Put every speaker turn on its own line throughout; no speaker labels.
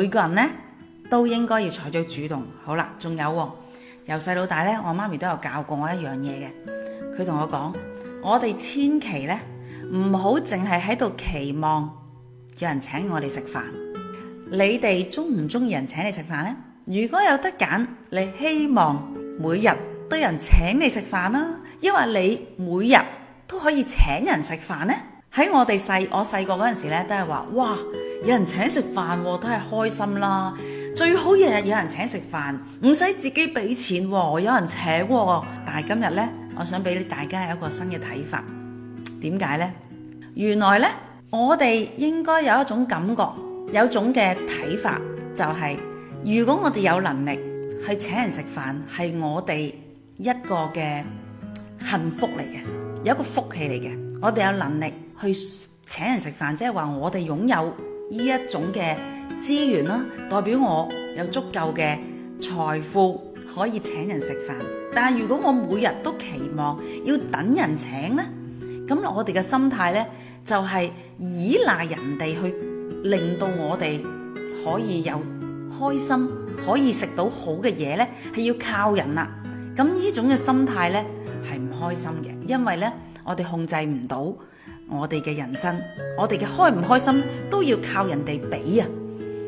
每個人呢，都應該要採取主動。好啦，仲有由細到大呢，我媽咪都有教過我一樣嘢嘅。佢同我講，我哋千祈呢，唔好淨係喺度期望有人請我哋食飯。你哋中唔中意人請你食飯呢？如果有得揀，你希望每日都有人請你食飯啦，抑或你每日都可以請人食飯呢？喺我哋細，我細個嗰陣時呢，都係話哇。有人請食飯都係開心啦，最好日日有人請食飯，唔使自己俾錢喎，有人請。但係今日呢，我想俾大家有一個新嘅睇法。點解呢？原來呢，我哋應該有一種感覺，有種嘅睇法，就係如果我哋有能力去請人食飯，係我哋一個嘅幸福嚟嘅，有一個福氣嚟嘅。我哋有能力去請人食飯，即係話我哋擁有。呢一種嘅資源啦，代表我有足夠嘅財富可以請人食飯。但如果我每日都期望要等人請呢，咁我哋嘅心態呢，就係依賴人哋去令到我哋可以有開心，可以食到好嘅嘢呢，係要靠人啦。咁呢種嘅心態呢，係唔開心嘅，因為呢。我哋控制唔到我哋嘅人生，我哋嘅開唔開心都要靠人哋俾啊！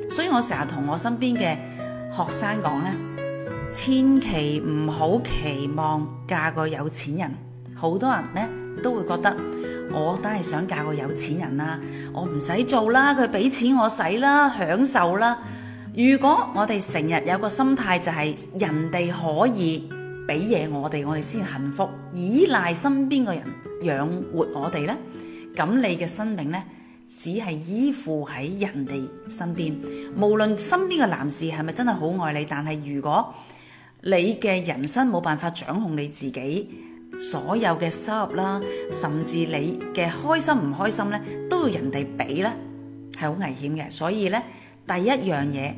所以我成日同我身邊嘅學生講咧，千祈唔好期望嫁個有錢人。好多人咧都會覺得，我梗係想嫁個有錢人啦，我唔使做啦，佢俾錢我使啦，享受啦。如果我哋成日有個心態就係、是、人哋可以。俾嘢我哋，我哋先幸福。依賴身邊嘅人養活我哋呢，咁你嘅生命呢，只係依附喺人哋身邊。無論身邊嘅男士係咪真係好愛你，但係如果你嘅人生冇辦法掌控你自己，所有嘅收入啦，甚至你嘅開心唔開心呢，都要人哋俾咧，係好危險嘅。所以呢，第一樣嘢。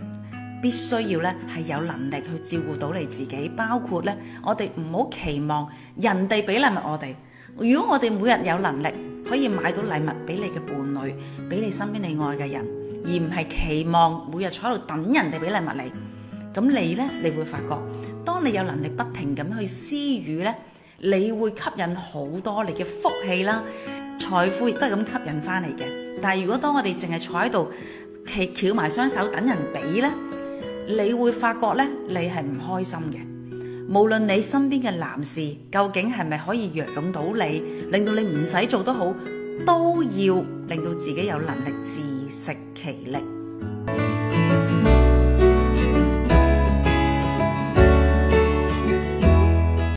必須要咧係有能力去照顧到你自己，包括咧我哋唔好期望人哋俾禮物我哋。如果我哋每日有能力可以買到禮物俾你嘅伴侶，俾你身邊你愛嘅人，而唔係期望每日坐喺度等人哋俾禮物你呢，咁你咧你會發覺，當你有能力不停咁去施予咧，你會吸引好多你嘅福氣啦，財富亦都係咁吸引翻嚟嘅。但係如果當我哋淨係坐喺度翹埋雙手等人俾咧，你會發覺咧，你係唔開心嘅。無論你身邊嘅男士究竟係咪可以養到你，令到你唔使做都好，都要令到自己有能力自食其力。